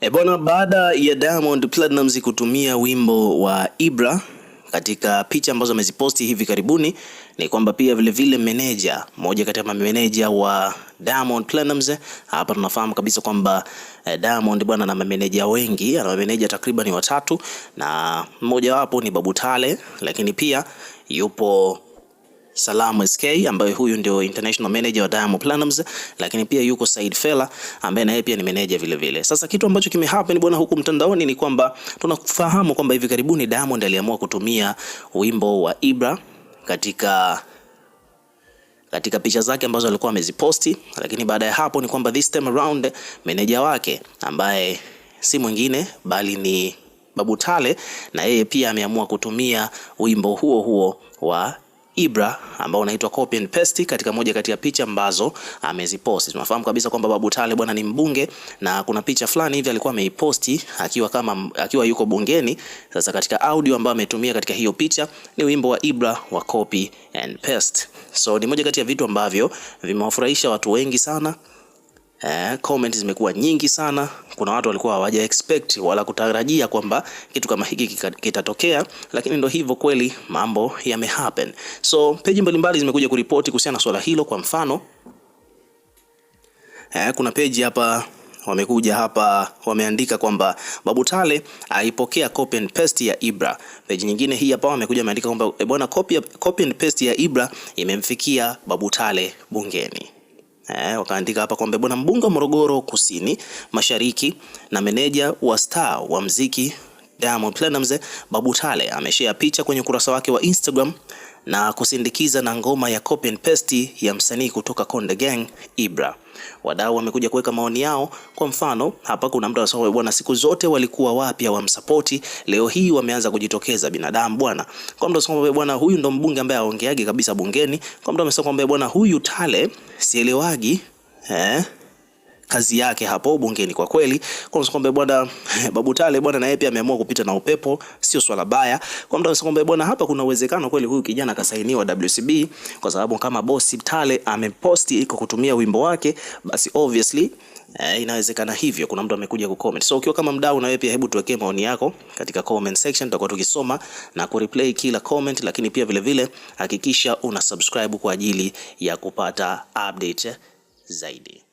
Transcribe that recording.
E bwana, baada ya Diamond Platinumz kutumia wimbo wa Ibra katika picha ambazo ameziposti hivi karibuni, ni kwamba pia vilevile meneja mmoja kati ya mameneja wa Diamond Platinumz, hapa tunafahamu kabisa kwamba eh, Diamond bwana ana mameneja wengi, ana mameneja takriban watatu, na mmojawapo ni Babu Tale, lakini pia yupo Salamu SK ambaye huyu ndio international manager wa Diamond Platnumz, lakini pia yuko Said Fela ambaye naye pia ni manager vile vile. Sasa kitu ambacho kime happen bwana huku mtandaoni ni kwamba tunafahamu kwamba hivi karibuni Diamond aliamua kutumia wimbo wa Ibra katika katika picha zake ambazo alikuwa ameziposti, lakini baada ya hapo ni kwamba this time around meneja wake ambaye si mwingine bali ni Babu Tale na yeye pia ameamua kutumia wimbo huo huo wa Ibra ambao unaitwa copy and paste katika moja kati ya picha ambazo ameziposti. Tunafahamu kabisa kwamba Babu Tale bwana ni mbunge na kuna picha fulani hivi alikuwa ameiposti akiwa kama akiwa yuko bungeni. Sasa katika audio ambayo ametumia katika hiyo picha ni wimbo wa Ibra wa copy and paste. So ni moja kati ya vitu ambavyo vimewafurahisha watu wengi sana. Eh, comment zimekuwa nyingi sana. Kuna watu walikuwa hawaja expect wala kutarajia kwamba kitu kama hiki kitatokea, lakini ndo hivyo kweli, mambo yame happen. So peji mbalimbali zimekuja kuripoti kuhusiana na swala hilo. Kwa mfano eh, kuna peji hapa wamekuja hapa wameandika kwamba Babu Tale aipokea copy and paste ya Ibra. Peji nyingine hii hapa wamekuja wameandika kwamba eh, bwana, copy, copy and paste ya Ibra imemfikia Babu Tale bungeni. Eh, wakaandika hapa kwamba bwana mbunge wa Morogoro Kusini Mashariki na meneja wa star wa mziki Diamond Platnumz Babu Tale ameshare picha kwenye ukurasa wake wa Instagram na kusindikiza na ngoma ya copy and paste ya msanii kutoka Konde Gang Ibra. Wadau wamekuja kuweka maoni yao. Kwa mfano, hapa kuna mtu anasema bwana, siku zote walikuwa wapya wamsapoti, leo hii wameanza kujitokeza binadamu bwana. Kwa mtu anasema bwana, huyu ndo mbunge ambaye aongeagi kabisa bungeni. Kwa mtu amesema kwamba bwana, huyu Tale sielewagi eh kazi yake hapo bungeni kwa kweli, Kwa msomo kwamba bwana eh, Babu Tale bwana, na yeye pia ameamua kupita na upepo, sio swala baya. Kwa msomo kwamba bwana, hapa kuna uwezekano kweli huyu kijana akasainiwa WCB, kwa sababu kama bosi Tale ameposti iko kutumia wimbo wake, basi obviously eh, inawezekana hivyo, kuna mtu amekuja ku comment. So ukiwa kama mdau, na wewe pia hebu tuwekee maoni yako katika comment section, tutakuwa tukisoma na ku reply kila comment, lakini pia vile vile hakikisha una subscribe kwa ajili ya kupata update zaidi.